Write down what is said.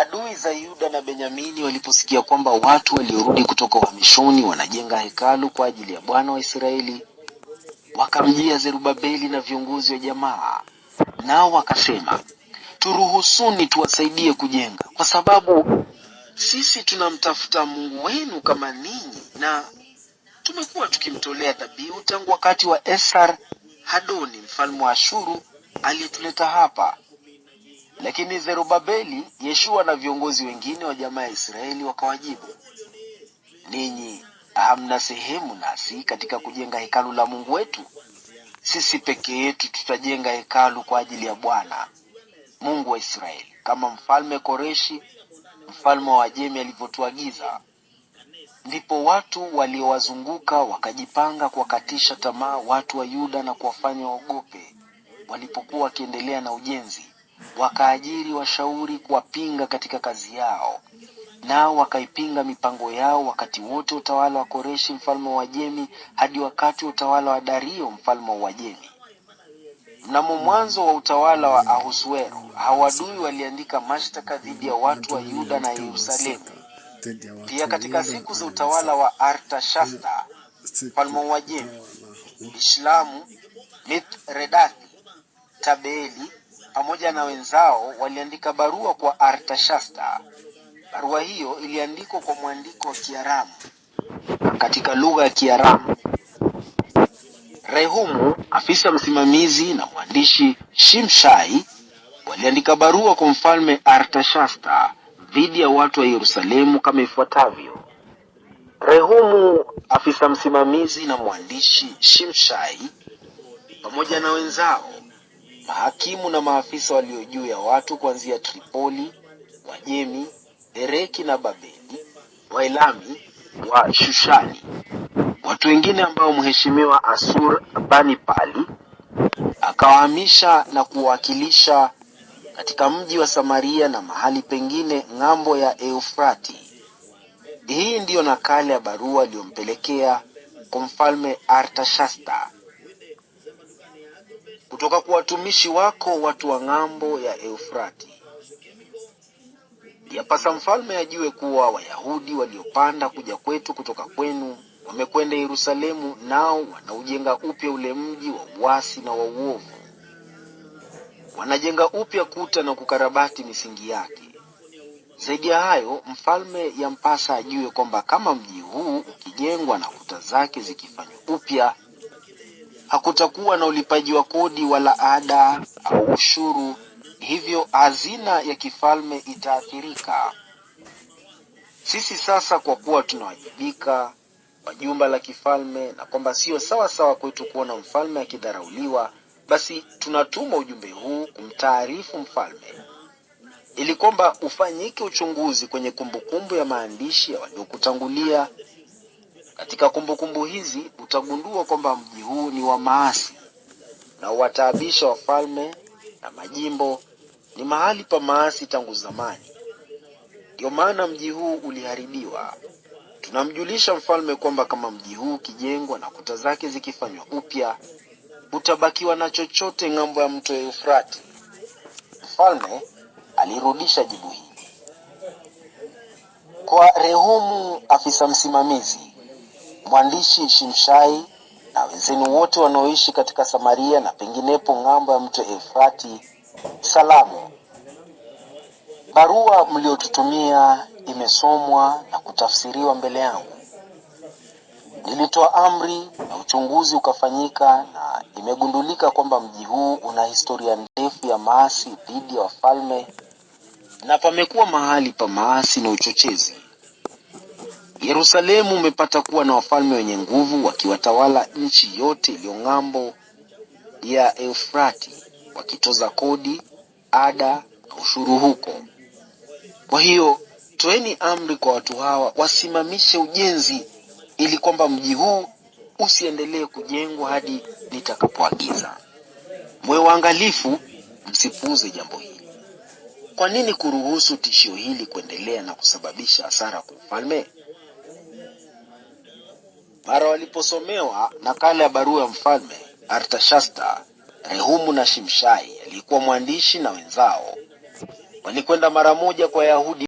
Adui za Yuda na Benyamini waliposikia kwamba watu waliorudi kutoka uhamishoni wanajenga hekalu kwa ajili ya Bwana wa Israeli, wakamjia Zerubabeli na viongozi wa jamaa, nao wakasema, turuhusuni tuwasaidie kujenga, kwa sababu sisi tunamtafuta Mungu wenu kama ninyi, na tumekuwa tukimtolea dhabihu tangu wakati wa Esar Hadoni mfalme wa Ashuru aliyetuleta hapa lakini Zerubabeli, Yeshua na viongozi wengine wa jamaa ya Israeli wakawajibu, ninyi hamna sehemu nasi katika kujenga hekalu la Mungu wetu. Sisi peke yetu tutajenga hekalu kwa ajili ya Bwana Mungu wa Israeli, kama mfalme Koreshi mfalme wa Wajemi alivyotuagiza. Ndipo watu waliowazunguka wakajipanga kuwakatisha tamaa watu wa Yuda na kuwafanya waogope, walipokuwa wakiendelea na ujenzi wakaajiri washauri kuwapinga katika kazi yao, nao wakaipinga mipango yao wakati wote utawala wa Koreshi mfalme wa Uajemi hadi wakati wa utawala wa Dario mfalme wa Uajemi. Mnamo mwanzo wa utawala wa Ahusuero, hawadui waliandika mashtaka dhidi ya watu wa Yuda na Yerusalemu. Pia katika siku za utawala wa Artashasta mfalme wa Uajemi, Ishlamu, Mitredathi, Tabeeli pamoja na wenzao waliandika barua kwa Artashasta. Barua hiyo iliandikwa kwa mwandiko wa Kiaramu katika lugha ya Kiaramu. Rehumu, afisa msimamizi na mwandishi Shimshai waliandika barua kwa mfalme Artashasta dhidi ya watu wa Yerusalemu kama ifuatavyo. Rehumu, afisa msimamizi na mwandishi Shimshai pamoja na wenzao Mahakimu na maafisa walio juu ya watu kuanzia Tripoli, wajemi Ereki na Babeli, Waelami wa Shushani. Watu wengine ambao mheshimiwa Asur bani pali akawahamisha na kuwakilisha katika mji wa Samaria na mahali pengine ng'ambo ya Eufrati. Hii ndiyo nakala ya barua aliyompelekea kwa mfalme Artashasta kutoka kwa watumishi wako watu wa ng'ambo ya Eufrati. Yapasa mfalme ajue kuwa Wayahudi waliopanda kuja kwetu kutoka kwenu wamekwenda Yerusalemu, nao wanaujenga upya ule mji wa uasi na wa uovu, wanajenga upya kuta na kukarabati misingi yake. Zaidi ya hayo, mfalme yampasa ajue kwamba kama mji huu ukijengwa na kuta zake zikifanywa upya Hakutakuwa na ulipaji wa kodi wala ada au ushuru, hivyo hazina ya kifalme itaathirika. Sisi sasa, kwa kuwa tunawajibika kwa jumba la kifalme na kwamba sio sawa sawa kwetu kuona mfalme akidharauliwa, basi tunatuma ujumbe huu kumtaarifu mfalme ili kwamba ufanyike uchunguzi kwenye kumbukumbu ya maandishi ya waliokutangulia katika kumbukumbu -kumbu hizi utagundua kwamba mji huu ni wa maasi na uwataabisha wafalme na majimbo, ni mahali pa maasi tangu zamani. Ndio maana mji huu uliharibiwa. Tunamjulisha mfalme kwamba kama mji huu ukijengwa na kuta zake zikifanywa upya, utabakiwa na chochote ng'ambo ya mto Eufrati. Mfalme alirudisha jibu hili kwa Rehumu, afisa msimamizi Mwandishi Shimshai na wenzenu wote wanaoishi katika Samaria na penginepo ng'ambo ya mto Efrati, salamu. Barua mliotutumia imesomwa na kutafsiriwa mbele yangu. Nilitoa amri na uchunguzi ukafanyika, na imegundulika kwamba mji huu una historia ndefu ya maasi dhidi ya wafalme na pamekuwa mahali pa maasi na uchochezi. Yerusalemu umepata kuwa na wafalme wenye nguvu wakiwatawala nchi yote iliyo ng'ambo ya Eufrati, wakitoza kodi, ada na ushuru huko. Kwa hiyo toeni amri kwa watu hawa wasimamishe ujenzi, ili kwamba mji huu usiendelee kujengwa hadi nitakapoagiza. Mwe waangalifu, msipuuze jambo hili. Kwa nini kuruhusu tishio hili kuendelea na kusababisha hasara kwa ufalme? Mara waliposomewa nakala ya barua ya mfalme Artashasta, Rehumu na Shimshai aliyekuwa mwandishi na wenzao, walikwenda mara moja kwa Wayahudi